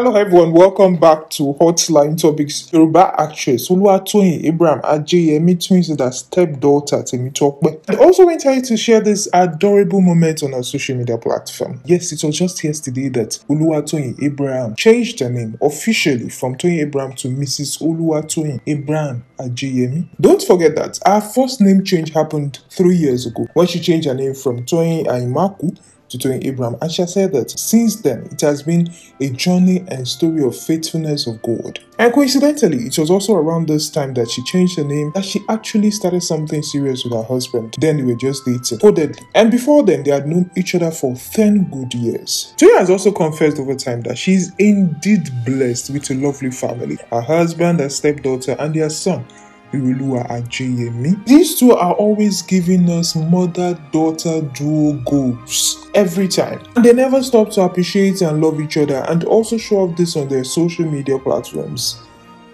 Hello everyone, welcome back to Hotline Topics. Yoruba actress Oluwatoyin Abraham Ajeyemi twins with that stepdaughter Temitope. And also went ahead to share this adorable moment on our social media platform. Yes, it was just yesterday that Oluwatoyin Abraham changed her name officially from Toyin Abraham to Mrs. Oluwatoyin Abraham Ajeyemi. Don't forget that our first name change happened three years ago when she changed her name from Toyin Aimaku to Toyin Abraham, and she said that since then it has been a journey and story of faithfulness of God. And coincidentally, it was also around this time that she changed her name that she actually started something serious with her husband. Then they were just dating, codedly. Oh, and before then, they had known each other for 10 good years. Toyin has also confessed over time that she is indeed blessed with a lovely family her husband, her stepdaughter, and their son Iruluwa Ajayemi. These two are always giving us mother daughter duo goals every time. And they never stop to appreciate and love each other and also show off this on their social media platforms.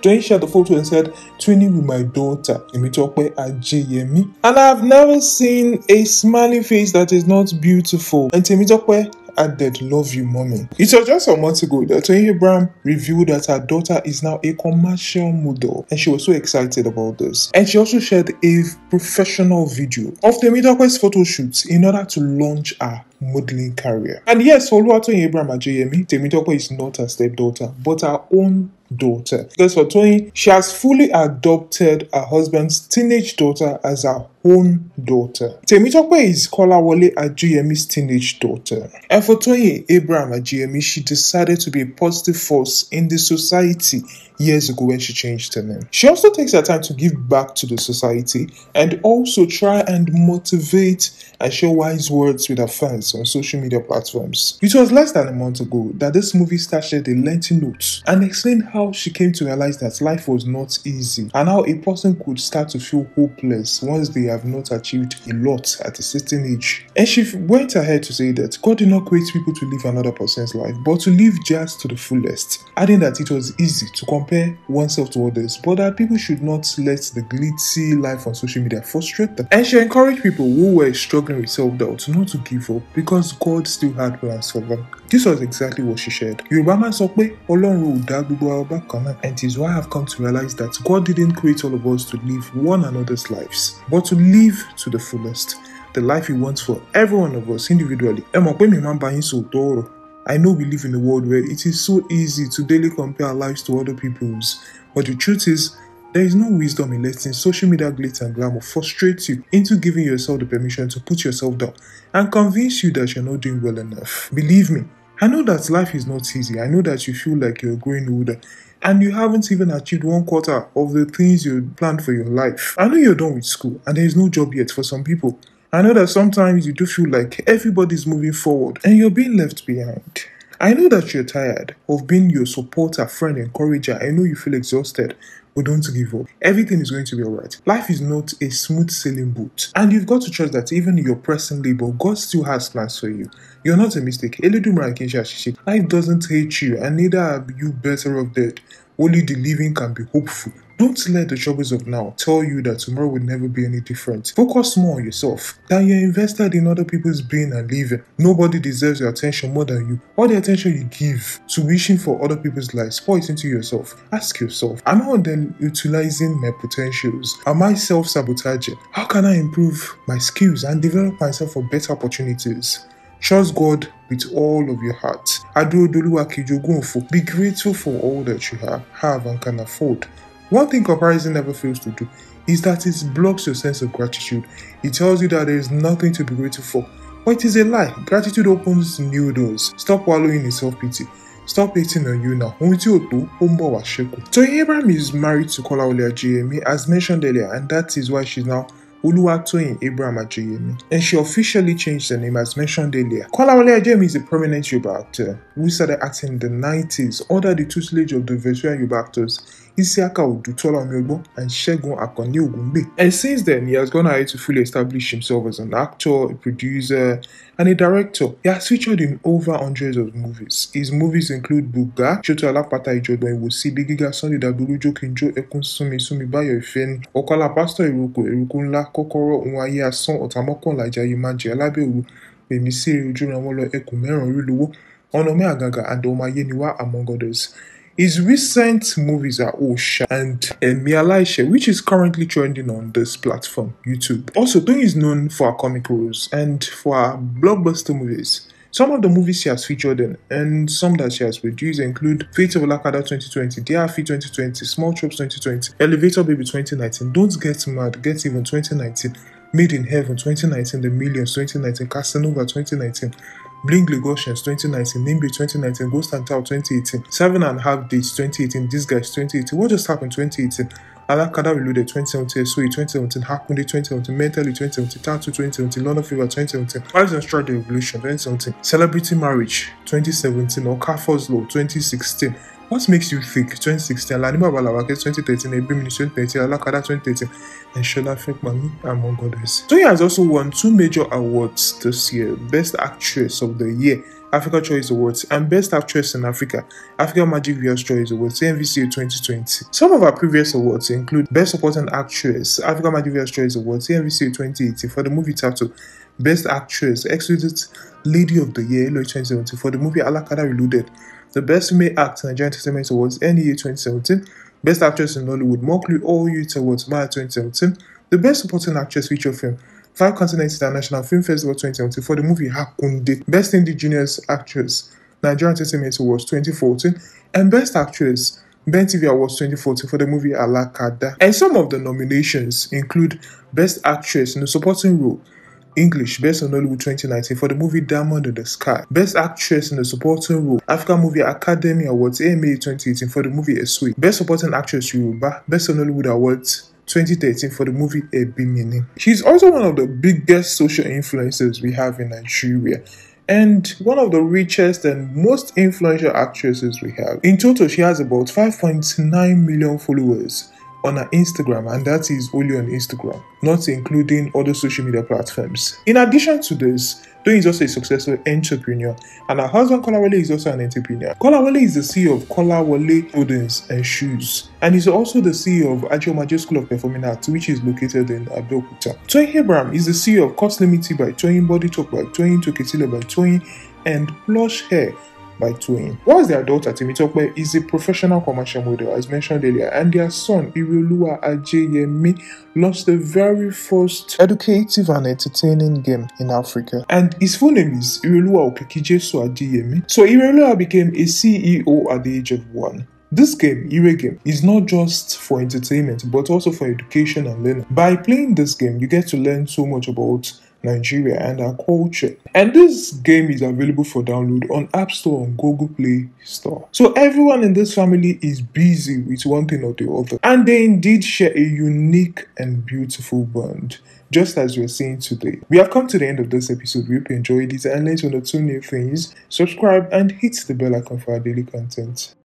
Joy shared the photo and said, Twinning with my daughter, at Ajayemi. And I've never seen a smiling face that is not beautiful. And Temitokwe added, Love you, mommy. It was just some months ago that Tony Abraham revealed that her daughter is now a commercial model, and she was so excited about this. And she also shared a professional video of the quest photo shoots in order to launch her modeling career. And yes, Tony Abraham Ajayemi, Temitope is not her stepdaughter, but her own daughter. Because for Tony, she has fully adopted her husband's teenage daughter as her own daughter. Temitope is Kolawole Ajayemi's teenage daughter. for Efotoye Abraham Ajayemi, she decided to be a positive force in the society years ago when she changed her name. She also takes her time to give back to the society and also try and motivate and share wise words with her fans on social media platforms. It was less than a month ago that this movie star shared a lengthy note and explained how she came to realize that life was not easy and how a person could start to feel hopeless once they have not achieved a lot at a certain age. And she went ahead to say that God did not create people to live another person's life, but to live just to the fullest, adding that it was easy to compare oneself to others, but that people should not let the glitzy life on social media frustrate them. And she encouraged people who were struggling with self doubt not to give up because God still had plans for them this was exactly what she shared. Yorùbá máa sọ pé Ọlọ́run ò dá gbogbo wa bákan náà and it is why I have come to realize that God didn't create all of us to live one another's lives but to live to the fullest the life he wants for every one of us individually. Ẹ mọ̀ pé mi máa ń bá yín sòótọ́ ọ̀rọ̀. I know we live in a world where it is so easy to daily compare our lives to other people's, but the truth is, there is no wisdom in letting social media glitz and glamour frustrate you into giving yourself the permission to put yourself down and convince you that you're not doing well enough. Believe me, I know that life is not easy. I know that you feel like you're growing older and you haven't even achieved one quarter of the things you planned for your life. I know you're done with school and there is no job yet for some people. I know that sometimes you do feel like everybody's moving forward and you're being left behind. I know that you're tired of being your supporter, friend, encourager. I know you feel exhausted, but don't give up. Everything is going to be alright. Life is not a smooth sailing boat. And you've got to trust that even your pressing labor, God still has plans for you. You're not a mistake. Life doesn't hate you, and neither are you better off dead. Only the living can be hopeful. Don't let the troubles of now tell you that tomorrow will never be any different. Focus more on yourself. That you're invested in other people's being and living. Nobody deserves your attention more than you. All the attention you give to wishing for other people's lives, pour it into yourself. Ask yourself, am I then utilizing my potentials? Am I self sabotaging? How can I improve my skills and develop myself for better opportunities? Trust God with all of your heart. Kijogunfo, be grateful for all that you have, have and can afford. One thing comparison never fails to do is that it blocks your sense of gratitude. It tells you that there is nothing to be grateful for. But it is a lie. Gratitude opens new doors. Stop wallowing in self pity. Stop hating on you now. Ohun tí ò tó, ó So Abraham is married to Kolawole Ajeyemi as mentioned earlier and that is why she's now Oluwatoyin Abraham Ajeyemi, and she officially changed her name as mentioned earlier. Kolawole Ajeyemi is a prominent Yoruba actor who started acting in the 90s under the tutelage of the veteran Yoruba actors Isiaka Odutola Omeogbo, and Shegun Akanni Ogunbe. And since then, he has gone ahead to fully establish himself as an actor, a producer, and a director. He has featured in over hundreds of movies. His movies include Buga, Shoto Alapata Ijodo Iwosi, Bigiga Sunday Daburu, Jokinjo, Ekun Sumi, Sumi Bayo Ifen, Okala Pastor Iroko, Iroko Nla, Kokoro, Nwaye Asan, Otamokon Lajayi Maji, Alabewu, Bemisi Ojuranwolo, Ekun Mẹ́rin Orílówó, Onome Agaga, and Omayeniwa, among others. His recent movies are Osha and Emialaisha, which is currently trending on this platform, YouTube. Also, Tony is known for her comic roles and for blockbuster movies. Some of the movies she has featured in and some that she has produced include Fate of Lakada 2020, DRF 2020, Small Chops 2020, Elevator Baby 2019, Don't Get Mad, Get Even 2019, Made in Heaven 2019, The Millions 2019, Casanova 2019, Bling Legosians 2019, Nimbe 2019, Ghost and Tower 2018, Seven and a Half Days 2018, This Guys 2018. What just happened 2018? Alakada Reloaded 2017, Sui 2017, Hakunde 2017, Mentally 2017, Tattoo 2017, London Fever 2017, Wives and the Revolution 2017, Celebrity Marriage 2017, Okafor's Law 2016. What makes you think 2016, Laniba Balawake 2013, Ebimini 2013, Alakada 2013, and Shola Fekmami, among others? Tony has also won two major awards this year Best Actress of the Year, Africa Choice Awards, and Best Actress in Africa, Africa Magic Viewers Choice Awards, MVCA 2020. Some of our previous awards include Best Supporting Actress, Africa Magic Viewers Choice Awards, MVCA 2018 for the movie title Best Actress, Exquisite Lady of the Year, Eloy 2017 for the movie Alakada Reloaded. The Best Female Act Nigerian Entertainment Awards NEA 2017, Best Actress in Nollywood Mockley All Youth Awards Maya 2017, the Best Supporting Actress feature film, Five Continents International Film Festival 2017 for the movie Hakunde, Best Indigenous Actress, Nigerian Entertainment Awards 2014, and Best Actress, Ben TV Awards 2014 for the movie Alakada. And some of the nominations include Best Actress in a Supporting Role, English based on Nollywood 2019 for the movie Diamond in the Sky. Best Actress in the Supporting Role, African Movie Academy Awards AMA 2018 for the movie A Sweet. Best Supporting Actress Yoruba, Best on Nollywood Awards 2013 for the movie A B Ebimini. She's also one of the biggest social influencers we have in Nigeria and one of the richest and most influential actresses we have. In total, she has about 5.9 million followers on her Instagram, and that is only on Instagram, not including other social media platforms. In addition to this, Doing is also a successful entrepreneur, and her husband Kolawole is also an entrepreneur. Kolawole is the CEO of Kolawole Clothings and Shoes, and he's also the CEO of Ajiomaje School of Performing Arts, which is located in Abeokuta. Toyin Abraham is the CEO of Cost Limited by Toyin Body Talk by Toyin Toketile by Toyin and Plush Hair by twin, Whilst their daughter Timitope is a professional commercial model, as mentioned earlier, and their son Iriolua Ajayemi launched the very first educative and entertaining game in Africa. And his full name is Iriolua Okekijesu Ajayemi. So Iriolua became a CEO at the age of one. This game, Ire Game, is not just for entertainment but also for education and learning. By playing this game, you get to learn so much about Nigeria and our culture. And this game is available for download on App Store and Google Play Store. So everyone in this family is busy with one thing or the other. And they indeed share a unique and beautiful bond. Just as we're seeing today. We have come to the end of this episode. We hope you enjoyed it and learned you or two new things. Subscribe and hit the bell icon for our daily content.